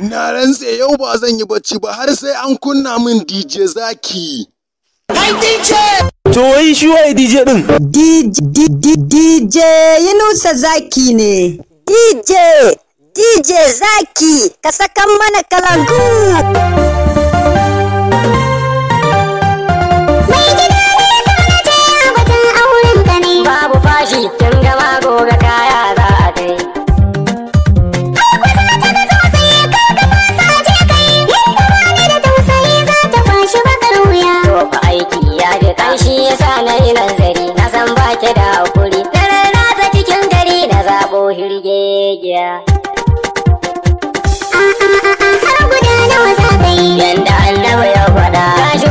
Na rantse yau ba zan yi bacci ba har sai an kunna min DJ Zaki. Kai DJ! To wai shi waye DJ din? DJ Yunusa Zaki ne. DJ! DJ Zaki, ka sakan mana kalangu! hilgegiya. A'a a'a a'a har guda nawa za ka yi. Yanda Allah ya faɗa. Ka shi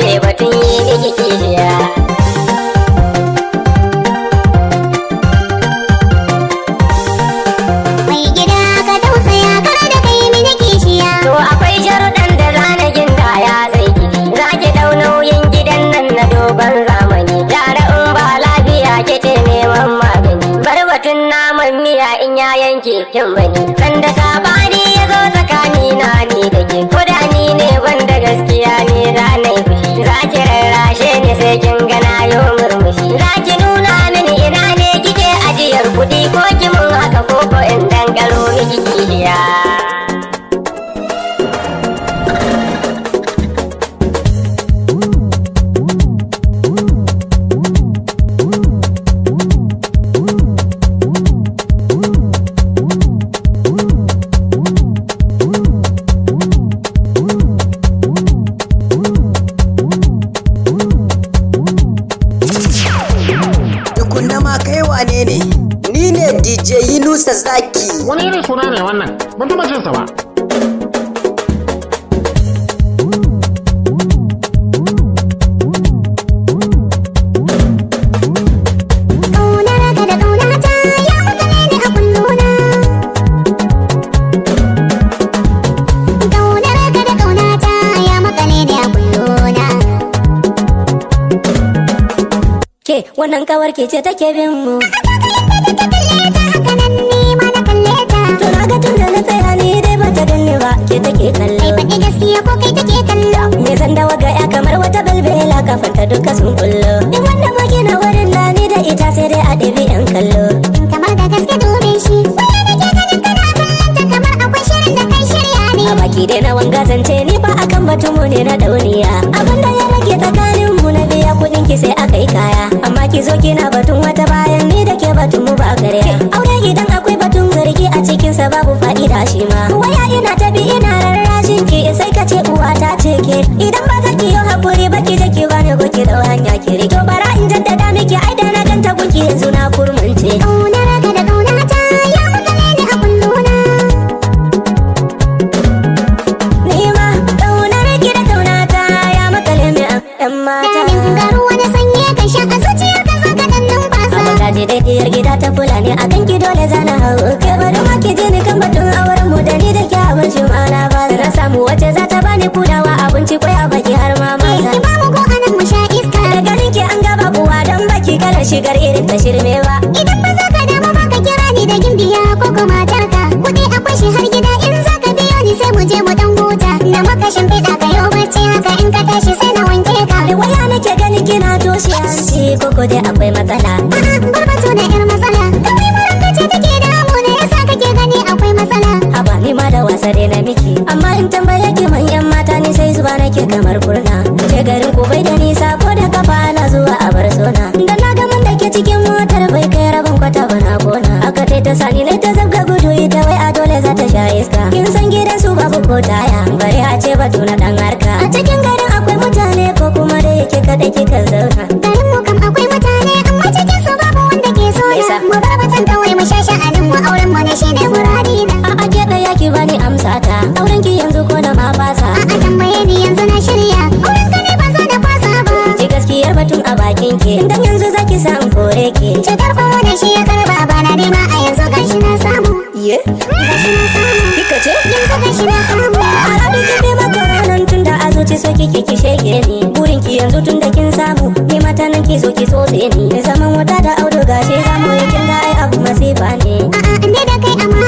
ದೇವರ ce ce take bin mu ke take kallo Ai faɗi gaskiya ko kai take kallo Me zan dawo ga ya wata balbela kafanta duka sun kullo Duk wanda muke wurin na ni da ita sai dai a ɗabi yan kallo Kamar da gaske domin shi Waya da ke ganin kana kallon ta kamar akwai shirin da kai shirya ne A baki dai na wanga zance ni ba akan batu mu ne na dauniya Abinda ya rage tsakanin mu na biya kuɗin ki sai aka yi kaya ki zo kina batun wata bayan ni da ke batun mu ba gare aure idan akwai batun zargi a cikin sa babu fa'ida shi ma waya ina ta bi ina rarrashin ki sai ka ce uwa ta ce ke idan ba za ki yi hakuri ba ki je ki bani ko ki dau hanya ki rike ba shit tarko da shi ya karba ba na ma. a yanzu gashi na samu ye gashi na samu kika ce yanzu gashi na samu alabi ki bi makaronin tun da a zuci so kike ki shege ni burin ki yanzu tun da kin samu ni mata nan ki zo ki so ni da zaman wata da auduga shi zamu yi kin ga ai abu masifa ne a'a ne da kai amma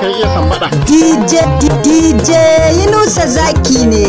ka iya tambada. DJ DJ Yunusa Zaki ne.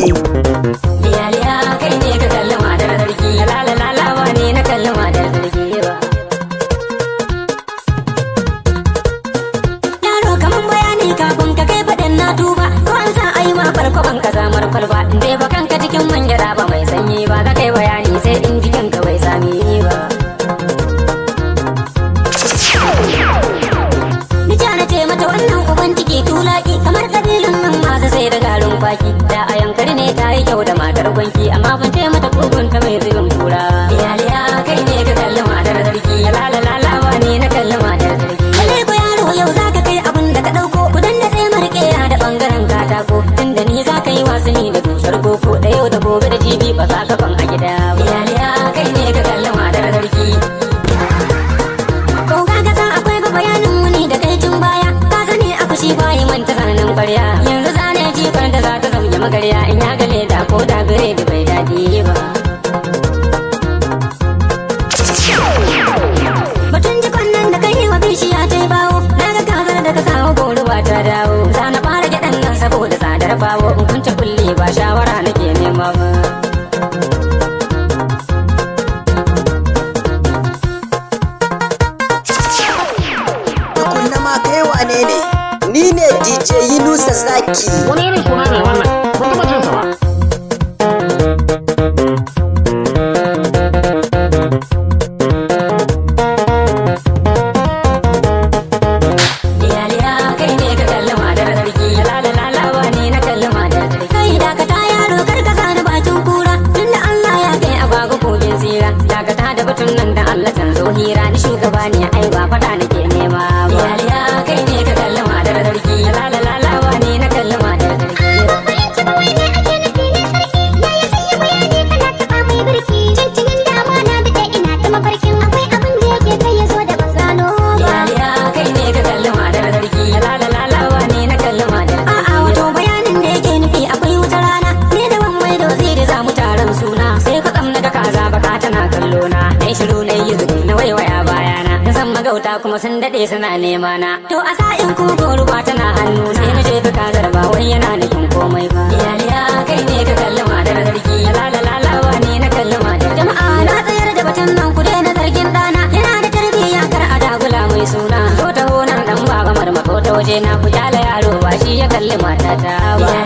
Yunusa Zaki. Wani irin suna ne wannan? Mutum I will.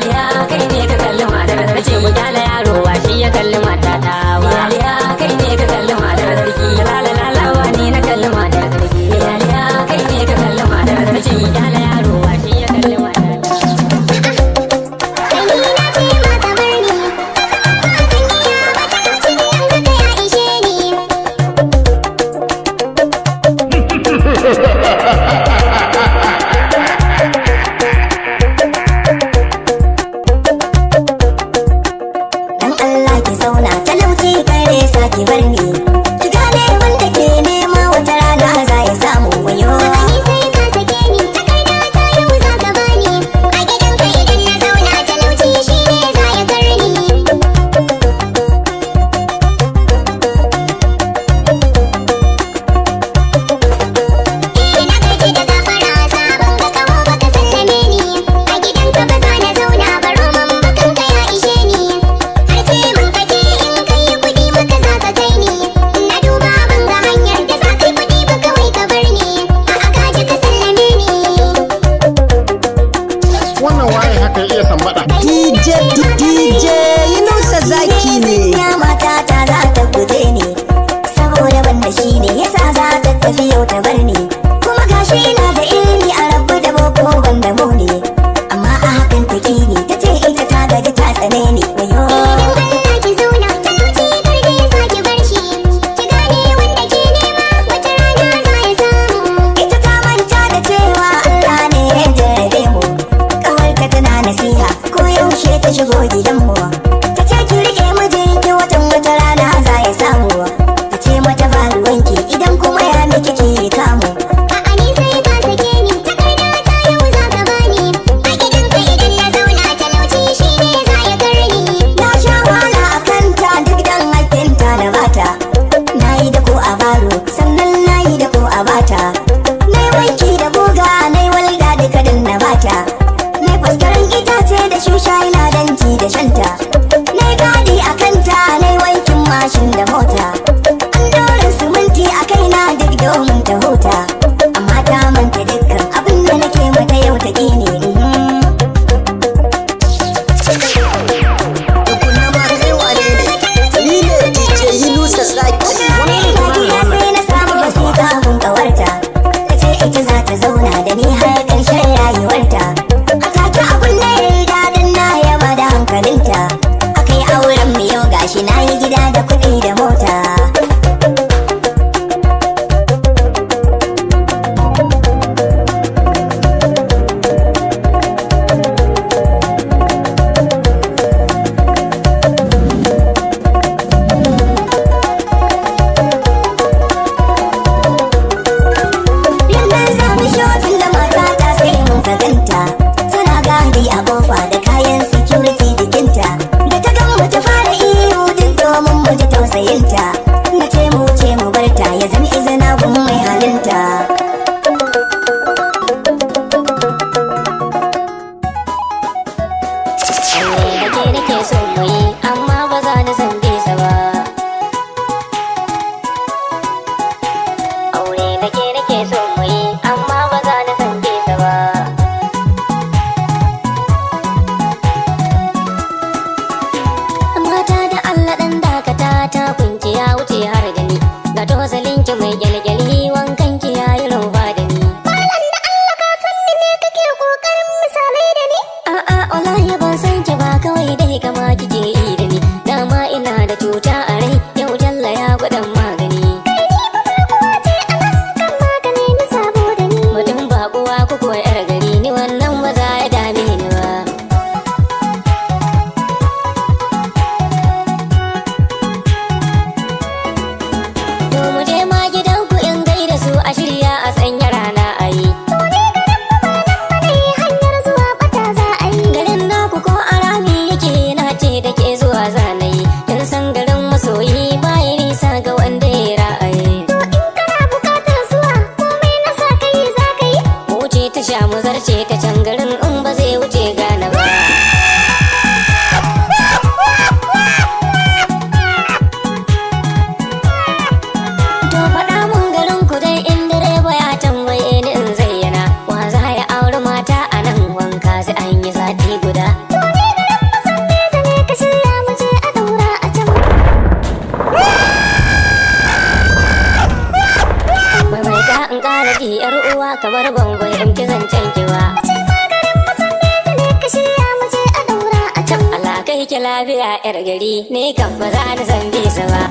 aiki lafiya yar gari ni kan ba za ni san bisa ba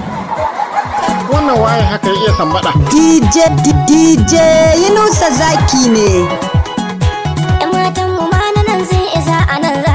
wannan waye haka iya sambada dj dj yunusa zaki ne yan matan mu ma nan zai isa a nan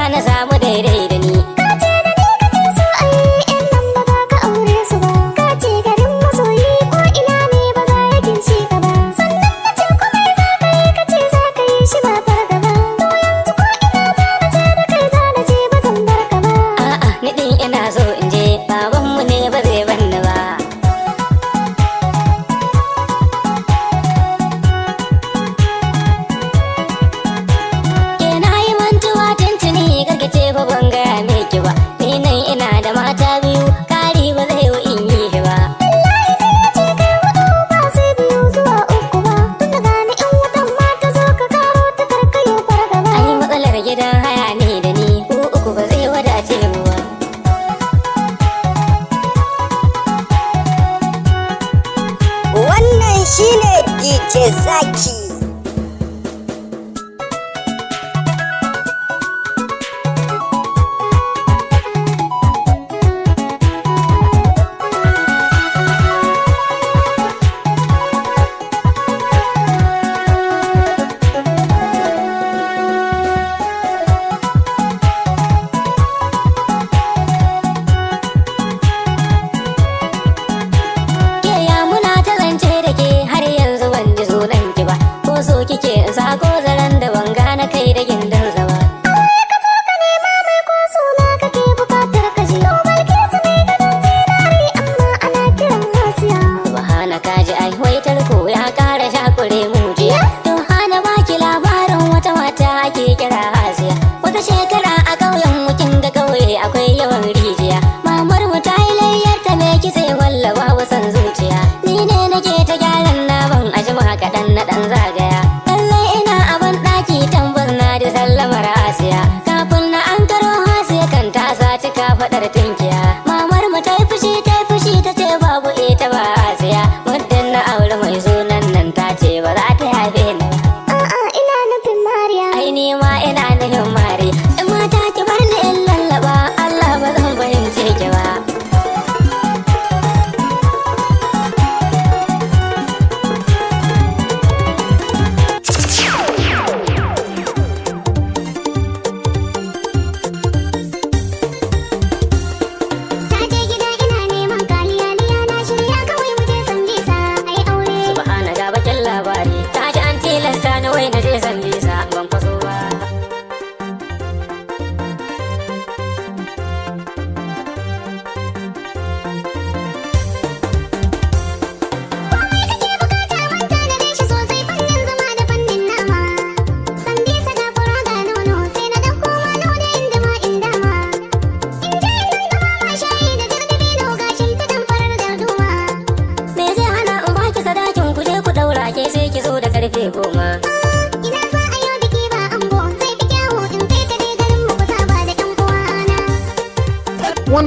Şile gece zaki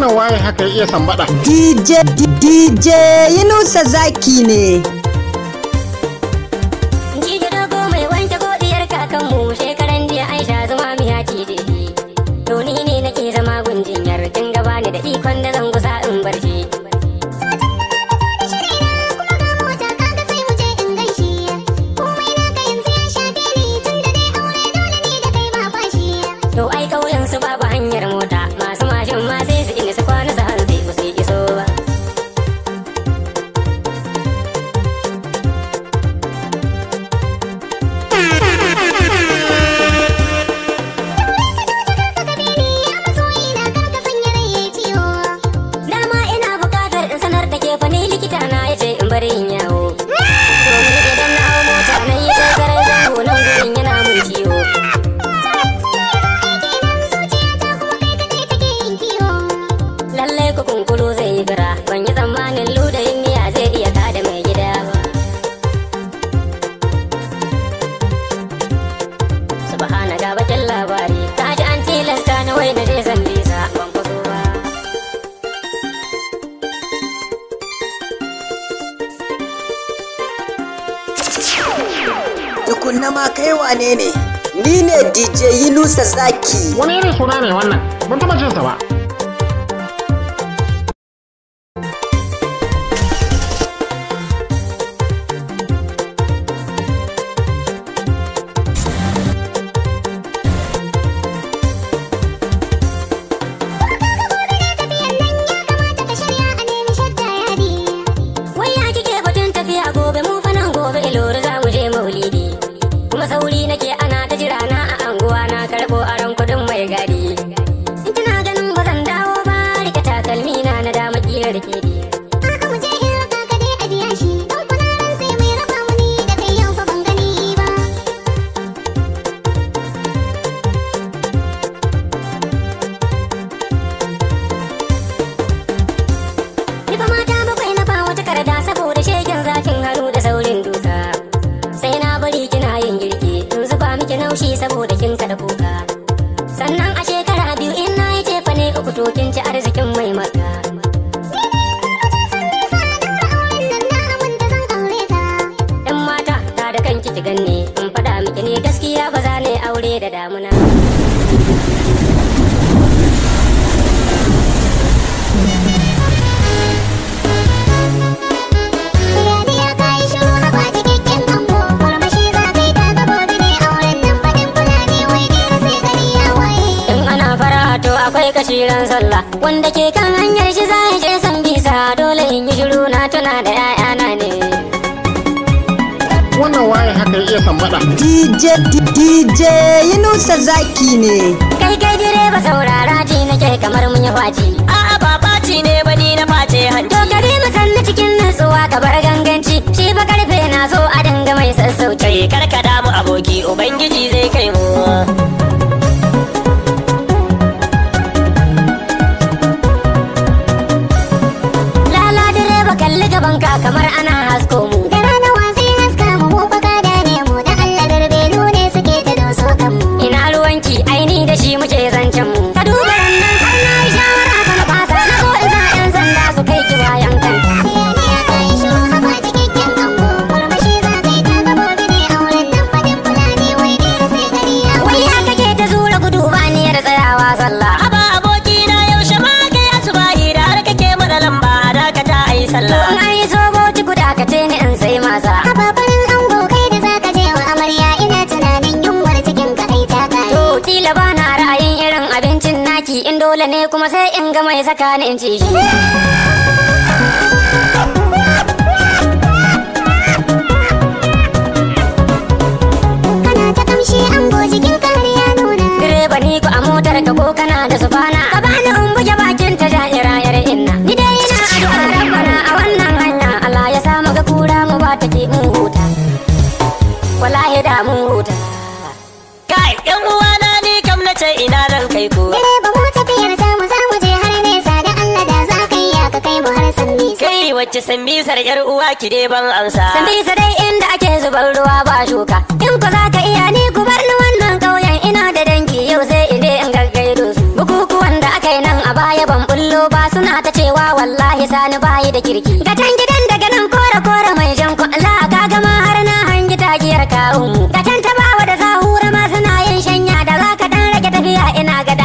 wannan waye haka iya sambada. DJ DJ Yunusa Zaki ne. Wani irin suna ne wannan? Ban taɓa jinsa ba. Dake kan hanyar shi za je san bisa dole in yi shiru na tuna da ‘ya'yana ne. Wannan waye haka iya sambada. DJ DJ Yunusa Zaki ne. Kai kai direba saurara ji nake kamar mun yi faci. A'a ba faci ne ba ni na face hanci. To kare mu na cikin nutsuwa ka bar ganganci. Shi ba karfe na zo a dinga mai sassauci. Kai karka damu aboki Ubangiji zai kai mu. ne kuma sai in gama ya saka ni in ci shi kana ta kamshi an jikin kariya nuna direba ni ko a motar ka ko kana da subana ka bani umba wacce san bisar yar uwa ki dai ban amsa san bisa dai inda ake zubar ruwa ba shuka in ku za ka iya ni ku bar ni wannan ƙauyen ina da dangi yau sai in in gaggaido su bukukuwan da aka yi nan a baya ban bullo ba suna ta cewa wallahi sani bayi da kirki gatan gidan daga nan kore kore mai jan ku Allah ka gama har na hangi tagiyar kawun mu gatan tabawa da zahura ma suna yin shanya da za ka dan rage tafiya ina ga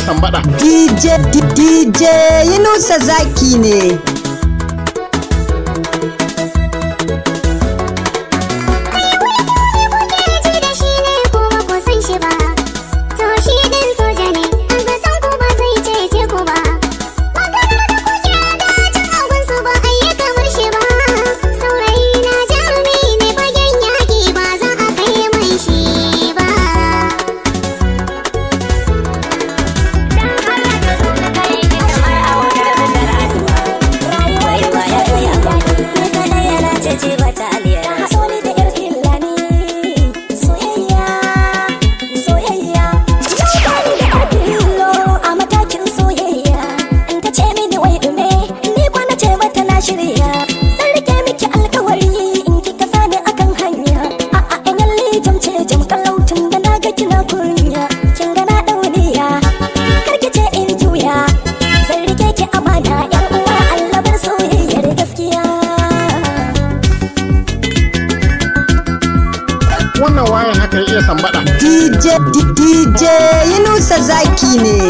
iya sambada. DJ DJ Yunusa Zaki ne. Картины.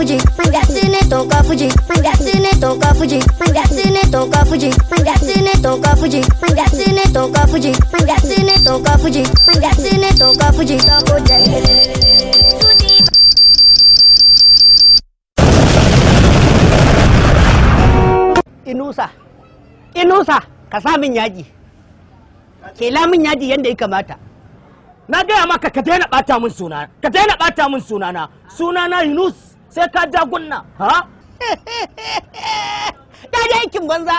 Fuji, manga sine toka Fuji, manga sine toka Fuji, manga sine toka Fuji, manga sine toka Fuji, manga toka Fuji, manga toka Fuji, manga toka Fuji, Inusa, Inusa, ka min yaji, ke min yaji yende ikamata. Ya Na gaya maka ka bata mun sunana. suna, bata mun sunana, sunana Yunus. sai ka gunna ha da aikin banza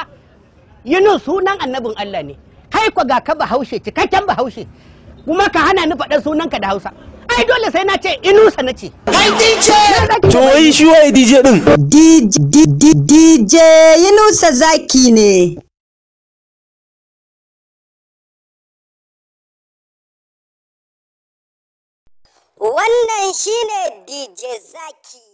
yinin sunan annabin Allah ne kai ko ga ka bahaushe cikakken bahaushe kuma ka hana ni faɗar sunanka da Hausa ai dole sai na ce inusa na ce kai DJ to yi shi wai DJ din DJ Yunusa Zaki ne Wannan shine DJ Zaki